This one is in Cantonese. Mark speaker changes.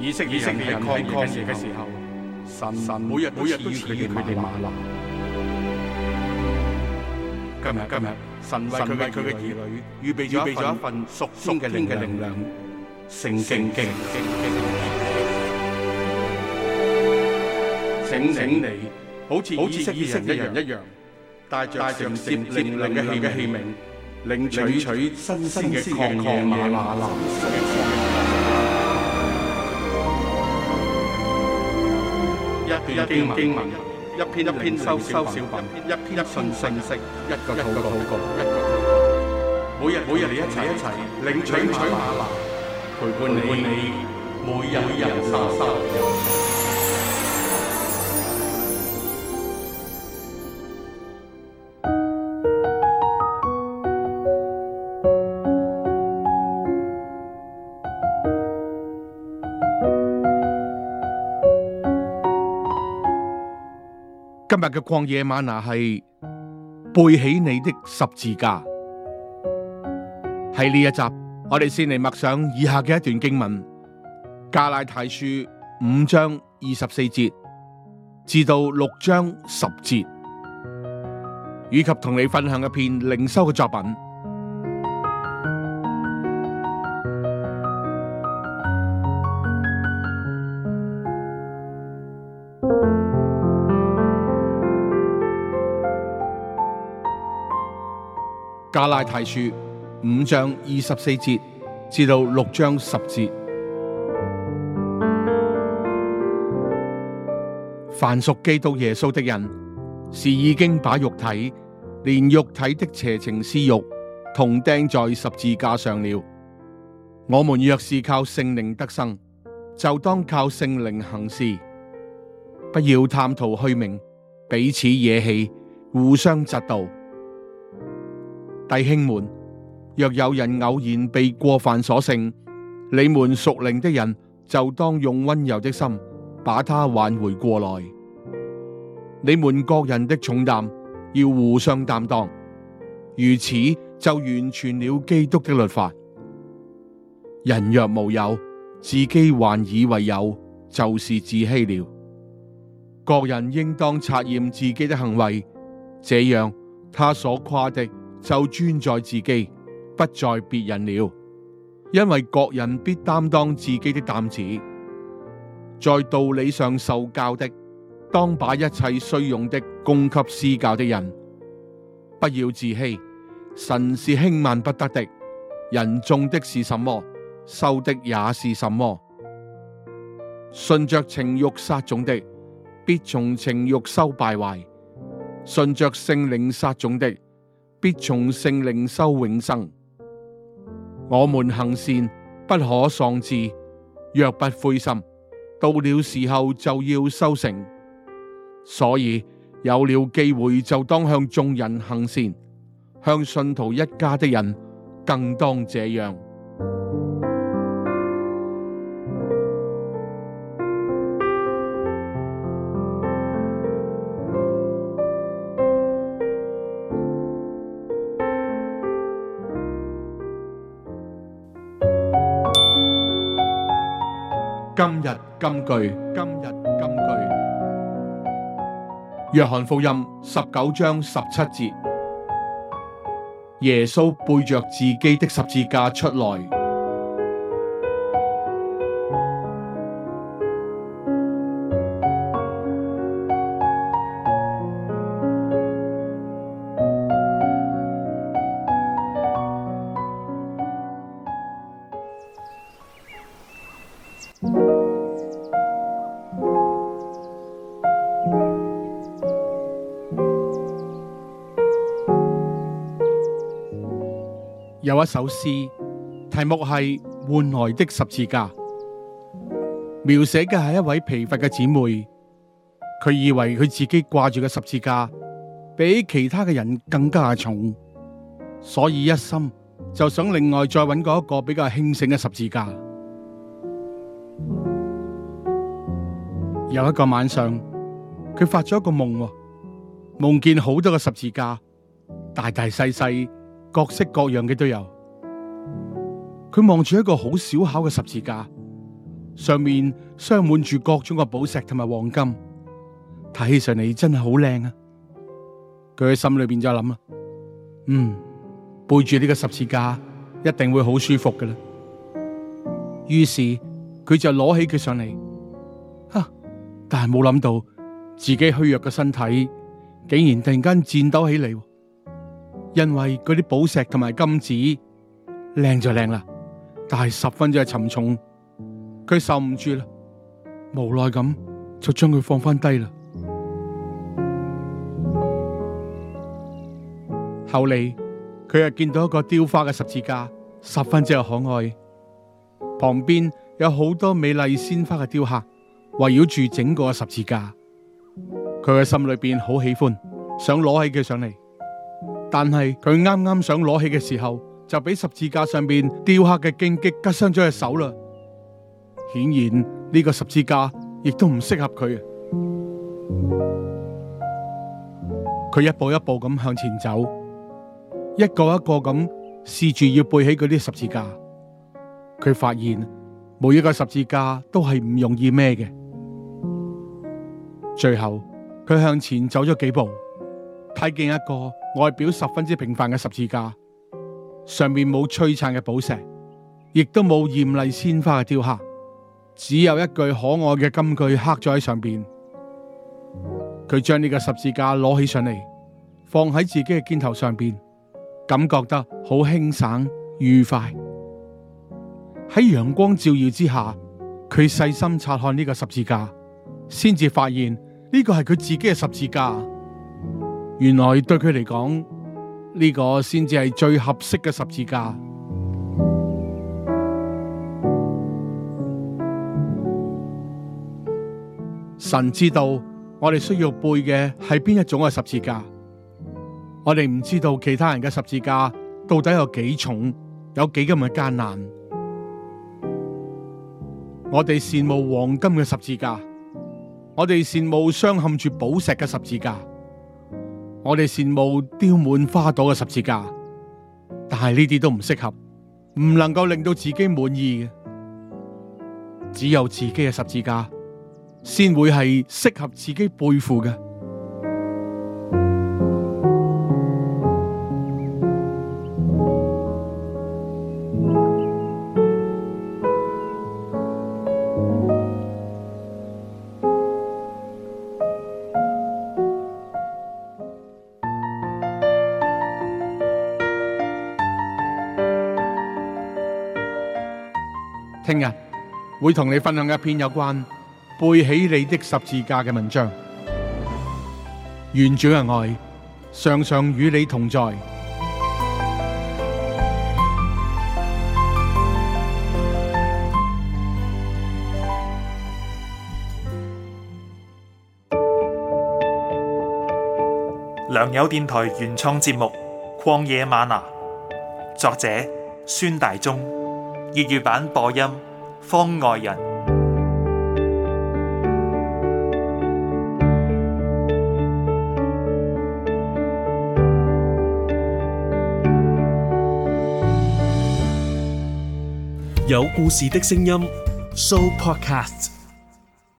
Speaker 1: 以色列人喺曠野嘅時候，神每日每日都賜予佢哋嗎哪。今日今日，神為佢嘅兒女預備預備咗一份屬嘅天嘅靈糧，聖經聖經。請請你好似以色列人一樣一樣，帶着帶着承接靈糧嘅器嘅器皿，領取取新新鮮嘅曠野嗎哪。一篇經，經文，一篇一篇靈修小品，一篇信信息，一個禱告，一個禱告，一個，一個每日你每日你一齊一齊領取領取嗎哪，陪伴你，陪你每日靈修。今日嘅曠野嗎哪，係背起你的十字架，喺呢一集，我哋先嚟默想以下嘅一段經文：加拉太書五章二十四節至到六章十節，以及同你分享一篇靈修嘅作品。加拉太書五章二十四節至到六章十節，凡屬基督耶穌的人，是已經把肉體連肉體的邪情私欲同釘在十字架上了。我們若是靠聖靈得生，就當靠聖靈行事，不要貪圖虛名，彼此惹氣，互相嫉妒。弟兄們，若有人偶然被過犯所勝，你們屬靈的人就當用溫柔的心把他挽回過來。你們各人的重擔要互相擔當，如此就完全了基督的律法。人若無有，自己還以為有，就是自欺了。各人應當察驗自己的行為，這樣他所誇的，就專在自己，不在別人了，因為各人必擔當自己的擔子。在道理上受教的，當把一切需用的供給施教的人。不要自欺，神是輕慢不得的。人種的是什麼，收的也是什麼。順着情欲撒種的，必從情欲收敗壞；順着聖靈撒種的，必從聖靈收永生。我們行善不可喪志，若不灰心，到了時候就要收成。所以有了機會就當向眾人行善，向信徒一家的人更當這樣。今日金句，今日金句。約翰福音十九章十七節，耶穌背着自己的十字架出來。有一首詩，題目係《換來的十字架》，描寫嘅係一位疲乏嘅姊妹，佢以為佢自己掛住嘅十字架比其他嘅人更加重，所以一心就想另外再揾過一個比較輕省嘅十字架。有一個晚上，佢發咗一個夢，夢見好多個十字架，大大細細。各式各樣嘅都有，佢望住一個好小巧嘅十字架，上面鑲滿住各種嘅寶石同埋黃金，睇起上嚟真係好靚啊！佢喺心裏邊就諗啊：嗯，背住呢個十字架一定會好舒服嘅啦。於是佢就攞起佢上嚟，吓，但係冇諗到自己虛弱嘅身體竟然突然間顫抖起嚟。因為嗰啲寶石同埋金子靚就靚啦，但係十分之係沉重，佢受唔住啦，無奈咁就將佢放翻低啦。後嚟佢又見到一個雕花嘅十字架，十分之係可愛，旁邊有好多美麗鮮花嘅雕刻圍繞住整個十字架，佢喺心裏邊好喜歡，想攞起佢上嚟。但係佢啱啱想攞起嘅時候，就俾十字架上邊雕刻嘅荊棘割傷咗隻手啦。顯然呢個十字架亦都唔適合佢。佢一步一步咁向前走，一個一個咁試住要背起佢啲十字架。佢發現每一個十字架都係唔容易孭嘅。最後佢向前走咗幾步，睇見一個。外表十分之平凡嘅十字架，上面冇璀璨嘅寶石，亦都冇艷麗鮮花嘅雕刻，只有一句可愛嘅金句刻咗喺上邊。佢將呢個十字架攞起上嚟，放喺自己嘅肩頭上邊，感覺得好輕省愉快。喺陽光照耀之下，佢細心察看呢個十字架，先至發現呢個係佢自己嘅十字架。原來對佢嚟講，呢個先至係最合適嘅十字架。神知道我哋需要背嘅係邊一種嘅十字架。我哋唔知道其他人嘅十字架到底有幾重，有幾咁嘅艱難。我哋羨慕黃金嘅十字架，我哋羨慕鑲嵌住寶石嘅十字架。我哋羨慕雕滿花朵嘅十字架，但係呢啲都唔適合，唔能夠令到自己滿意嘅。只有自己嘅十字架，先會係適合自己背負嘅。聽日會同你分享一篇有關背起你的十字架嘅文章。願主嘅愛常常與你同在。良友電台原創節目《曠野嗎哪》，作者孫大中。粵語版播音，方外人。有故事的聲音，So Podcast。